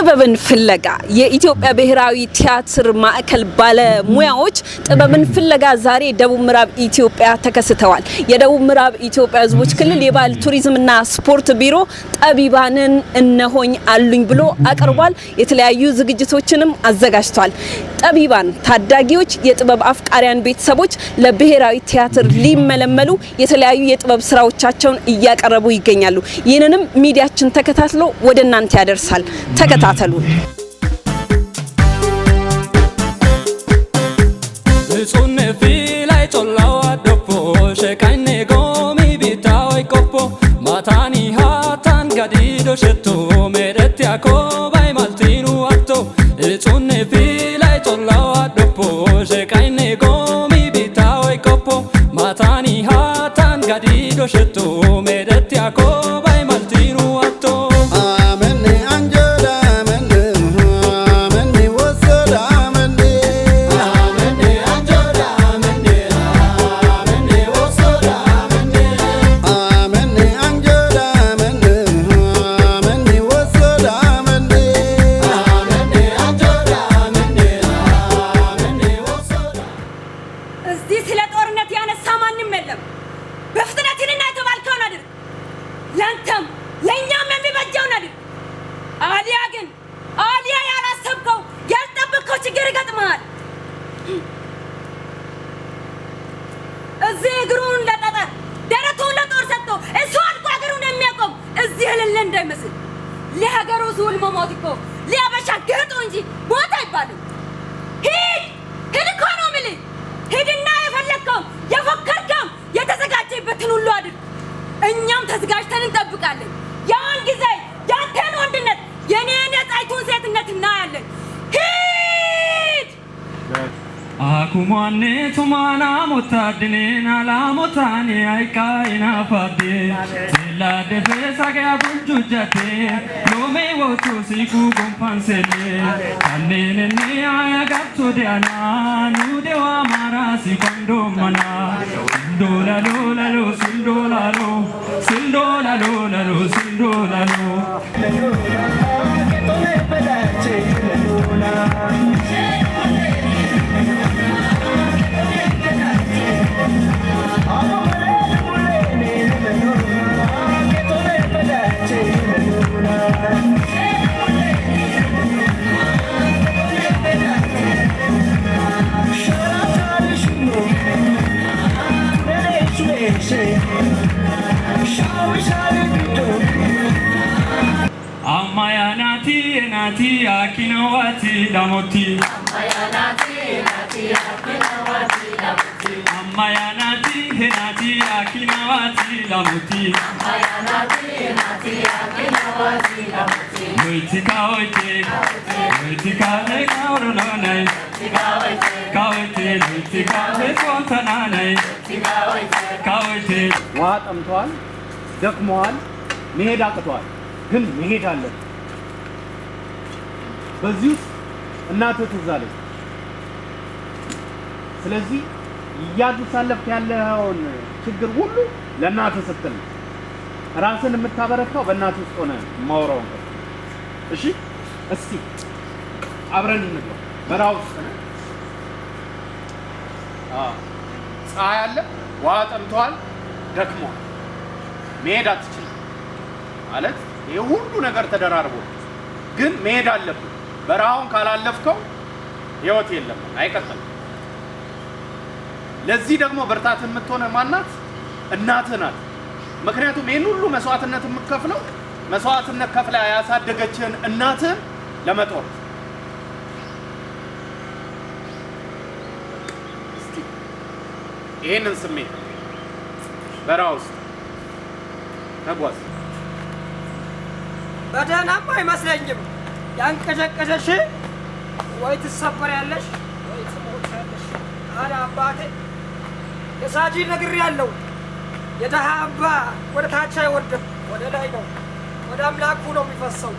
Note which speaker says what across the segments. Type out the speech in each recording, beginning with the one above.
Speaker 1: ጥበብን ፍለጋ የኢትዮጵያ ብሔራዊ ቲያትር ማዕከል ባለሙያዎች ጥበብን ፍለጋ ዛሬ ደቡብ ምዕራብ ኢትዮጵያ ተከስተዋል። የደቡብ ምዕራብ ኢትዮጵያ ሕዝቦች ክልል የባህል ቱሪዝምና ስፖርት ቢሮ ጠቢባንን እነሆኝ አሉኝ ብሎ አቅርቧል። የተለያዩ ዝግጅቶችንም አዘጋጅቷል። ጠቢባን ታዳጊዎች፣ የጥበብ አፍቃሪያን ቤተሰቦች ለብሔራዊ ቲያትር ሊመለመሉ የተለያዩ የጥበብ ስራዎቻቸውን እያቀረቡ ይገኛሉ። ይህንንም ሚዲያችን ተከታትሎ ወደ እናንተ ያደርሳል። ተከታ ተከታተሉን።
Speaker 2: Matani hatan gadi doshetu
Speaker 3: እዚህ ስለ ጦርነት ያነሳ ማንም የለም። በፍጥነት ሂድና የተባልከውን አድርግ። ለአንተም ለእኛም የሚበጀውን አድርግ። አሊያ ግን አሊያ ያላሰብከው ያልጠበቅከው ችግር ይገጥመሃል። እዚህ እግሩን ለጠጠር ደረቱን ለጦር ሰጥቶ እሱ አልቆ ሀገሩን የሚያቆም እዚህ እልል እንዳይመስል ለሀገሩ ዝውል መሞት እኮ ሊያበሻ ገጦ እንጂ ሞት አይባልም።
Speaker 2: ዋኔቱማና ሞታድኔ ናላ ሞታኔ አይቃይና ፋዴ ሴላደፌ ሳገያ ቡንጁጃቴ ሎሜ ወቱ ሲኩ ጎንፋንሴሌ አኔነኔ አያጋብቶ ዲያና ኑዴዋ ማራ ሲኳንዶመና ስንዶላሎላሎ ስንዶላሎ ስንዶላሎላሎ ስንዶላሎ gamoti ammayanati henati akinawati lamoti
Speaker 4: moitika oite moitika ekaorononai kaoite moitika ekontananai ካወይቴ ውሃ ጠምተዋል፣ ደክመዋል፣ መሄድ አቅተዋል። ግን መሄድ አለን በዚህ ውስጥ እናቱ ትዛለች። ስለዚህ እያሳለፍክ ያለውን ችግር ሁሉ ለእናቱ ስትል ራስን የምታበረታው በእናቱ ውስጥ ሆነ ማውራው እንኳን እሺ፣ እስቲ አብረን እንግባ። በረሃ ውስጥ ነው። ፀሐይ አለ፣ ውሃ ጠምተዋል፣ ደክመዋል፣ መሄድ አትችልም ማለት ይሄ ሁሉ ነገር ተደራርቦ ግን መሄድ አለብን። በረሃውን ካላለፍከው ህይወት የለም፣ አይቀጥልም። ለዚህ ደግሞ ብርታት የምትሆነ ማናት? እናትህ ናት። ምክንያቱም ይህን ሁሉ መስዋዕትነት የምከፍለው መስዋዕትነት ከፍላ ያሳደገችህን እናትህን ለመጦር ይህንን ስሜት በረሃ ውስጥ ተጓዝ።
Speaker 5: በደህና እኮ አይመስለኝም። ያንቀሸቀሸሽ ወይ ትሰበር ያለሽ ወይ ትሞት ያለሽ። አባቴ የሳጂ ነግር ያለው የደሃ አባ ወደ ታች አይወድም፣ ወደ ላይ ነው፣ ወደ አምላኩ ነው የሚፈሰው።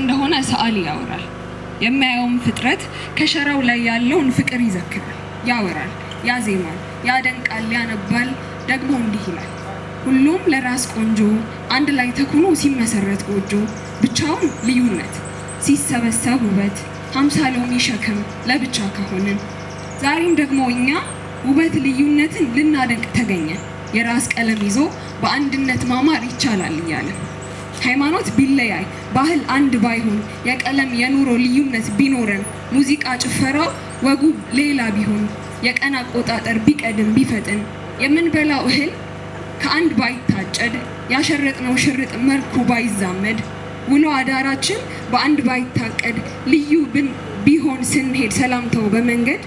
Speaker 6: እንደሆነ ሰዓሊ ያወራል። የሚያየውም ፍጥረት ከሸራው ላይ ያለውን ፍቅር ይዘክራል፣ ያወራል፣ ያዜማል፣ ያደንቃል፣ ያነባል። ደግሞ እንዲህ ይላል ሁሉም ለራስ ቆንጆ አንድ ላይ ተኩኖ ሲመሰረት ጎጆ ብቻውን ልዩነት ሲሰበሰብ ውበት ሀምሳ ሎሚ ሸክም ለብቻ ከሆንን ዛሬም ደግሞ እኛ ውበት ልዩነትን ልናደንቅ ተገኘ የራስ ቀለም ይዞ በአንድነት ማማር ይቻላል እያለ ሃይማኖት ቢለያይ ባህል አንድ ባይሆን የቀለም የኑሮ ልዩነት ቢኖረን ሙዚቃ፣ ጭፈራው ወጉ ሌላ ቢሆን የቀን አቆጣጠር ቢቀድም ቢፈጥን የምንበላው እህል ከአንድ ባይታጨድ ያሸረጥነው ሽርጥ መልኩ ባይዛመድ ውሎ አዳራችን በአንድ ባይታቀድ ልዩ ብን ቢሆን ስንሄድ ሰላምታው በመንገድ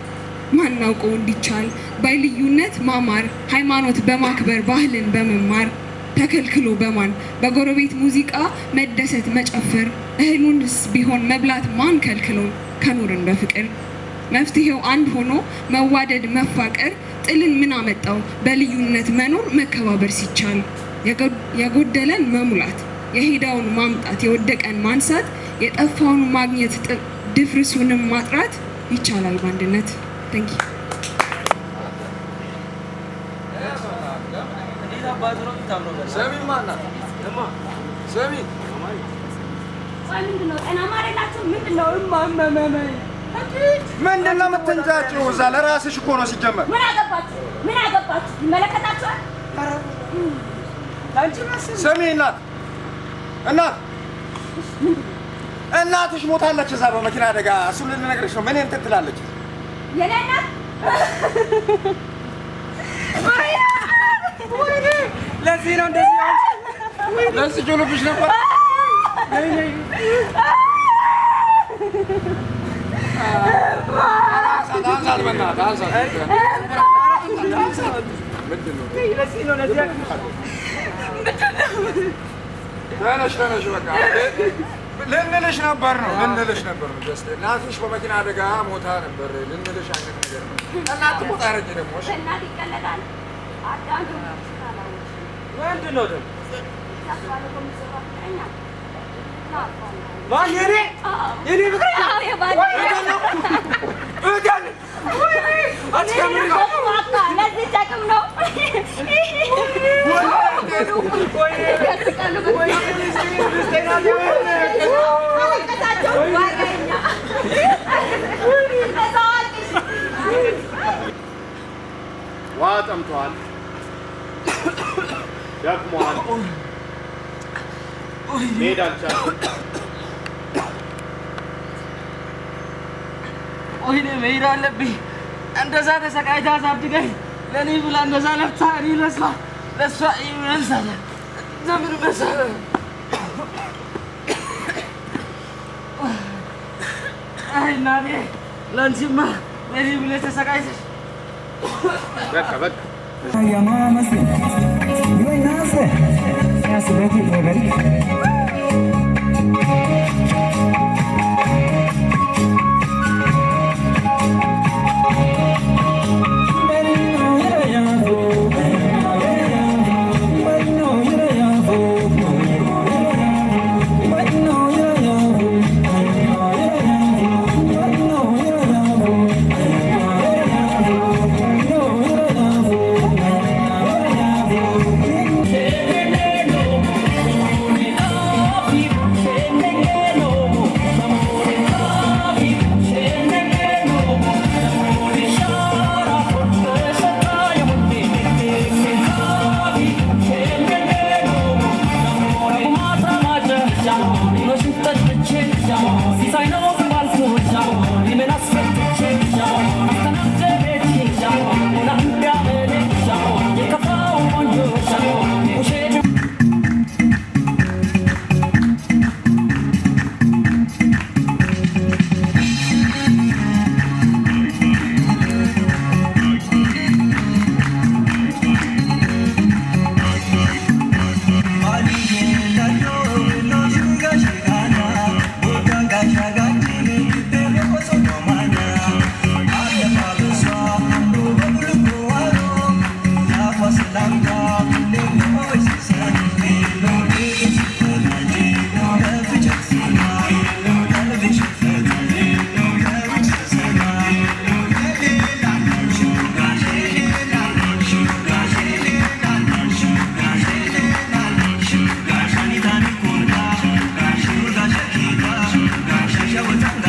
Speaker 6: ማናውቀው እንዲቻል በልዩነት ማማር ሃይማኖት በማክበር ባህልን በመማር ተከልክሎ በማን በጎረቤት ሙዚቃ መደሰት መጨፈር እህሉንስ ቢሆን መብላት ማን ከልክሎን ከኖርን በፍቅር መፍትሄው አንድ ሆኖ መዋደድ መፋቀር ጥልን ምን አመጣው በልዩነት መኖር መከባበር ሲቻል የጎደለን መሙላት የሄዳውን ማምጣት የወደቀን ማንሳት የጠፋውን ማግኘት ድፍርሱንም ማጥራት ይቻላል በአንድነት።
Speaker 4: አባት ነው የምታምነው። ስሚ ማናት እማ ስሚ ምንድን ነው የምትንጫጭው? እዛ ለራስሽ እኮ ነው ሲጀመር።
Speaker 7: ምን አገባችሁ? ምን አገባችሁ? ይመለከታችኋል።
Speaker 4: ስሚ እናት እናት እናትሽ ሞታለች እዛ በመኪና አደጋ። እሱን ልንነግርሽ ነው። ምን እንትን ትላለች እናት ለዚህ ነው እንደዚህ ለዚህ ጆሎብሽ ነበር። ተነሽ ልንልሽ ነበር ነው ልንልሽ ነበር ነው። ደስ እናትሽ በመኪና አደጋ ሞታ ነበር ልንልሽ አይነት ነገር ነው። እናት ሞታ ረጅ ደግሞ
Speaker 7: እናት ይቀለዳል
Speaker 4: ምንድን ነው ደግሞ ማን የኔ የኔ ፍቅረኛ
Speaker 7: እደን ለዚህ ጥቅም ነው
Speaker 4: ዋ ጠምተዋል ደክሞሃል፣ መሄድ አልቻልኩም።
Speaker 8: ቆይ እኔ መሄድ አለብኝ። እንደዛ ተሰቃይታ አሳድገኝ ለእኔ ብላ እንደዛ ለፍታ እኔ ለእሷ ለእሷ ይመሳለ ዘምን መሳለ አይ እናቴ ለአንቺማ ለእኔ ብለሽ ተሰቃይተሽ
Speaker 4: በቃ በቃ
Speaker 9: Llamábase, yo en nasıl? me hace Betty no, no, no.